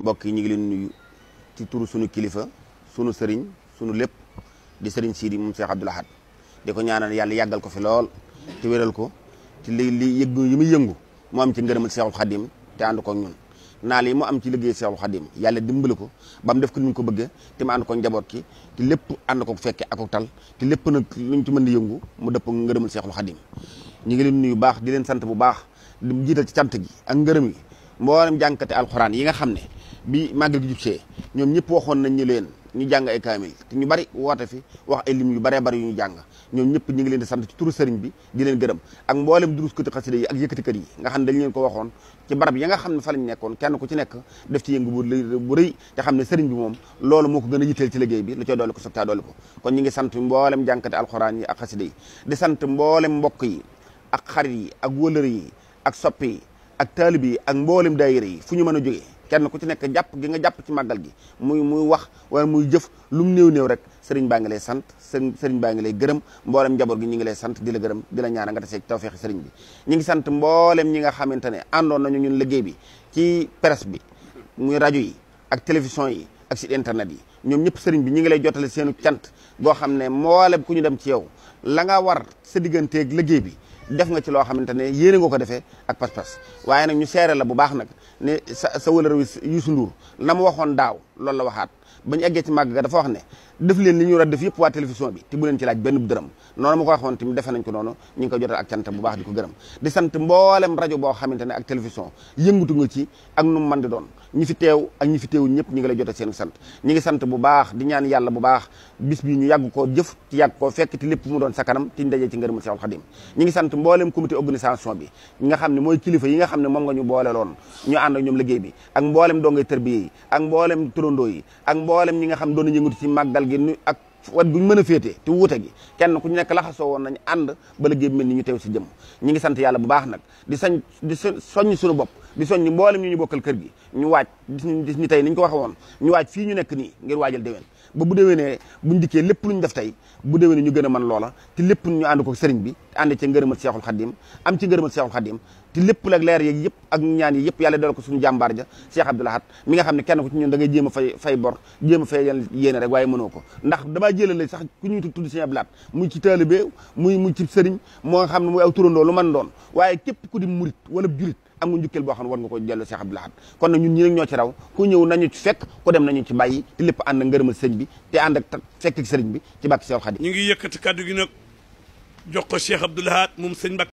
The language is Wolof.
mbokk yi ñu ngi leen nuyu ci turu sunu kilifa sunu sëriñ sunu lépp di sëriñ Sidi moom Cheikh Abdoul Ahad di ko ñaana yàlla yàggal ko fi lool weral ko ci li li yëngu yi muy yëngu mu am ci ngërëmal Cheikhul Khadim te ànd ko ñun naal yi mu am ci liggéey Cheikhul Khadim yàlla dimbali ko ba mu def ko ni ko bëggee te mu ànd ko njaboot ki te lépp ànd ko fekke ak tal te lépp nag luñ ci mën di yëngu mu dëpp ngërëmal Cheikhul Khadim ñu ngi leen nuyu baax di leen sant bu baax di jiital ci cant gi ak ngërëm gi mboolem jàngkate alxuraan yi nga xam ne bi màggal gi jubsee ñoom ñëpp waxoon nañ ñu leen ñu jàng ay kaamil te ñu bari woote fi wax ay lim yu bare bari yu ñu jàng ñoom ñëpp ñu ngi leen di sant ci turu sëriñ bi di leen gërëm ak mboolem durus kati xasida yi ak yëkkatikat yi nga xam ne dañ leen ko waxoon ci barab yi nga xam ne fa lañ nekkoon kenn ku ci nekk def ci yëngu bu xam ne sëriñ bi moom loolu moo ko gën a yitteel ci liggéey bi lu cay dolli ko soog caa dolli ko kon ñu ngi sant mboolem jànkate alxuraan yi ak xasida yi di sant mboolem mbokk yi ak xarit yi ak wëlër yi ak soppi yi ak taalibe yi ak mboolem daayira yi fu ñu mën a jógee kenn ku ci nekk jàpp gi nga jàpp ci màggal gi muy muy wax wala muy jëf lu mu néew néew rek sëriñ baa ngi lay sant sëriñ sëriñ baa ngi lay gërëm mboolem njaboot gi ñu ngi lay sant di la gërëm di la ñaan nga tasee tawfeexi sëriñ bi ñu ngi sant mboolem ñi nga xamante ne àndoon nañu ñun liggéey bi ci presse bi muy rajo yi ak télévision yi ak site internet yi ñoom ñëpp sëriñ bi ñu ngi lay jotale seenu cant boo xam ne mboolem ku ñu dem ci yow la nga war sa digganteeg liggéey bi def nga ci loo xamante ne yéene nga ko defee ak pas-pas waaye nag ñu seere la bu baax nag ne sa sa wëlër wi Youssou na la mu waxoon daaw loolu la waxaat ba ñu eggee ci màgg ga dafa wax ne def leen li ñu war def yëpp waa télévision bi te bu leen ci laaj benn dërëm noonu ma ko waxoon tamit defe nañ ko noonu ñu ngi ko jotal ak cant bu baax di ko gërëm di sant mboolem rajo boo xamante ne ak télévision yëngatu ci ak nu mu mën di doon ñi fi teew ak ñi fi teew ñëpp ñi ngi lay jote seen sant ñi ngi sant bu baax di ñaan yàlla bu baax bis bi ñu yàgg koo jëf ci yàgg koo fekk te lépp mu doon sa kanam te ñu dajee ci ngërëmal Seexul Xadim ñi ngi sant mboolem comité organisation bi nga xam ne mooy yi nga xam ne moom nga ñu boole loon ñu ànd ak ñoom liggéey bi ak mboolem dongay tërbiye yi ak mboolem turandoo yi ak mboolem ñi nga xam doon yëngatu ci màggal gi ak wat ñu mën a féetee te wuute gi kenn ku ñu nekk laxasoo woon nañ ànd ba liggéey bi mel ñu teew si jëmm ñi ngi sant yàlla bu baax nag di sañ di soññ suñu bopp di soññ mboolem ñu ñu bokkal kër gi ñu waaj di ñu tey ni ñu ko waxe woon ñu waaj fi ñu nekk nii ngir waajal déwén ba bu déwénee buñ dikkee lépp luñ def tey bu déwénee ñu gën a mën loola te lépp ñu ànd ko sëriñ bi ànd ci ngërëmal seexul xaddim am ci ngërëmal seexul xaddim te lépp nag leer yeeg yëpp ak ñaan yi yëpp yàlla ko suñu jàmbaar ja Cheikh Abdoul Ahad mi nga xam ne kenn ku ci ñun da ngay jéem a fay fay bor jéem a fay yéene rek waaye mënoo ko ndax damaa jëlale sax ku ñuy tudd Cheikh Abdoul Ahad muy ci taalibe muy mu ci sëriñ moo nga xam ne muy aw turandoo lu mën doon képp ku di murit wala jurit am nga njukkeel boo xam ne war nga ko jël Cheikh Abdoul Ahad kon nag ñun ñi nag ñoo ci raw ku ñëw nañu ci fekk dem nañu ci bàyyi te lépp ànd ak ngërëmal sëñ bi te ànd ak fekk sëriñ bi ci bàkki Cheikh Xadim ñu ngi yëkkati kaddu gi nag jox ko Cheikh Abdoul Ahad